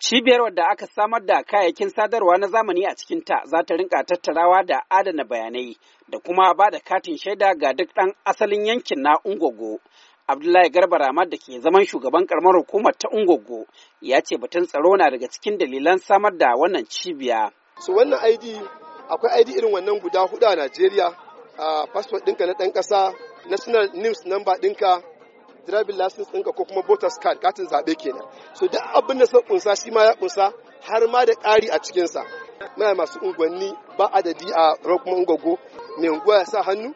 Cibiyar wadda aka samar da kayayyakin sadarwa na zamani a cikinta za ta rinka tattarawa da adana bayanai da kuma ba da katin shaida ga duk ɗan asalin yankin na Ungogo. Abdullahi Garba Ramad da ke zaman shugaban karamar hukumar ta Ungogo ya ce batun tsaro na daga cikin dalilan samar da wannan cibiya. Su wannan ID akwai ID irin wannan guda hudu a Najeriya, a ah, fasfot ɗinka na ɗan ƙasa, national news number ɗinka driving license ɗinka ko kuma Botas card katin zaɓe nan, so da abin da sun kunsa shi ma ya kunsa har ma da ƙari a cikinsa muna masu unguwanni ba adadi a kuma ungogo mai unguwa ya sa hannu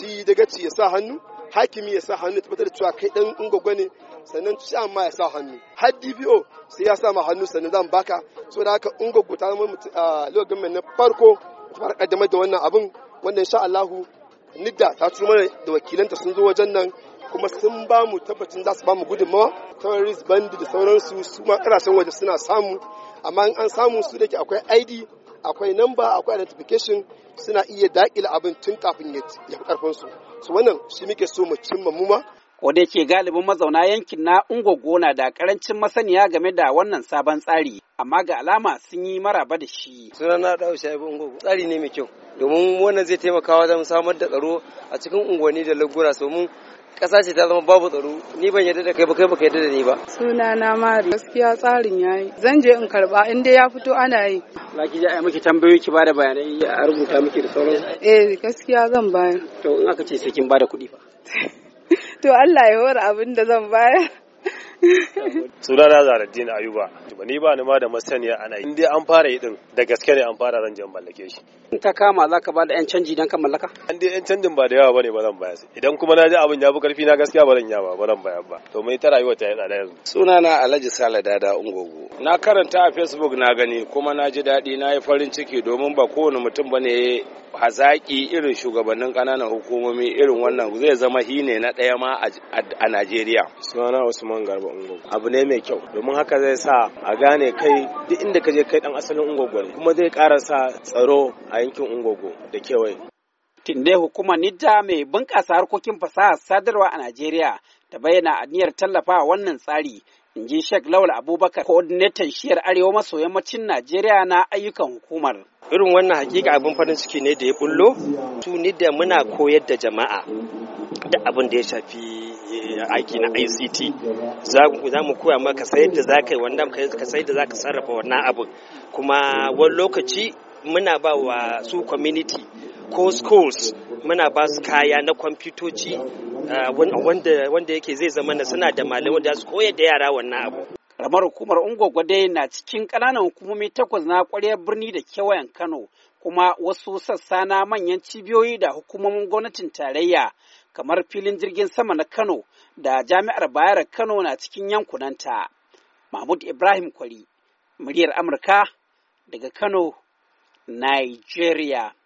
shi dagaci ya sa hannu hakimi ya sa hannu tabbatar da cewa kai dan ungogo ne sannan an ma ya sa hannu har dvo sai ya sa ma hannu sannan zan baka so da haka ungogo ta zama a lokacin mai na farko kuma kaddamar da wannan abin wanda insha Allahu nidda ta turo mana da wakilanta sun zo wajen nan kuma sun ba mu tabbacin za su ba mu gudunmawa terrorist band da sauransu su ma ƙarashen waje suna samu amma in an samu su da ke akwai id akwai namba akwai identification suna iya daƙila abin tun kafin ya ƙarfinsu su wannan shi muke so mu cimma mu ma da yake galibin mazauna yankin na Ungogo na da karancin masaniya game da wannan sabon tsari, amma ga alama sun yi maraba da shi. Suna na ɗau ba Ungogo. Tsari ne mai kyau, domin wannan zai taimaka wajen samar da tsaro a cikin unguwanni da lagura domin ƙasa ce ta zama babu tsaro ni ban yarda da kai ba kai baka yarda da ni ba suna na mari gaskiya tsarin yayi zan je in karba in dai ya fito ana yi za ki je a miki tambayoyi ki bada bayanai a rubuta miki da sauransu eh gaskiya zan bayar to in aka ce sai kin bada kuɗi fa to Allah ya hore abin da zan bayar na zara din Ayuba ni ba ni ma da masaniya ana in dai an fara yi din da gaske ne an fara zan jan mallake shi in ta kama za ka ba da yan canji dan ka mallaka an dai yan canjin ba da yawa bane ba zan baya idan kuma na ji abin ya fi karfi na gaskiya ba zan yawa ba zan baya ba to mai ta rayuwa ta yi tsada yanzu Suna na Alhaji Sale Dada Ungogo na karanta a Facebook na gani kuma na ji daɗi na yi farin ciki domin ba kowane mutum bane hazaƙi irin shugabannin ƙananan hukumomi irin wannan zai zama hine na ɗaya ma a Najeriya. Sunana Usman Garba Ungogo. Abu ne mai kyau domin haka zai sa a gane kai duk inda ka je kai ɗan asalin Ungogo ne kuma zai ƙara sa tsaro a yankin Ungogo da kewaye. Tinde hukumar Nidda mai bunƙasa harkokin fasaha sadarwa a Najeriya ta bayyana aniyar tallafa wannan tsari in Sheikh Lawal Abubakar coordinator shiyar Arewa maso yammacin Najeriya na ayyukan hukumar. Irin wannan hakika abin farin ciki ne da ya bullo tuni da muna koyar da jama'a da abin da ya shafi eh, aiki na ICT za mu koya maka sayar da za ka yi wannan ka sayar da za ka sarrafa wannan abin kuma wani lokaci muna ba wa su community ko schools muna ba su kaya na kwamfutoci wanda yake zai zama na suna da malamai da su koyar da yara wannan abu ramar hukumar Gwadai na cikin ƙananan hukumomi takwas na ƙwaryar birni da kewayen kano kuma wasu sassa na manyan cibiyoyi da hukumomin gwamnatin tarayya kamar filin jirgin sama na kano da jami'ar bayar kano na cikin yankunanta mahmud ibrahim kwari muryar amurka daga kano nigeria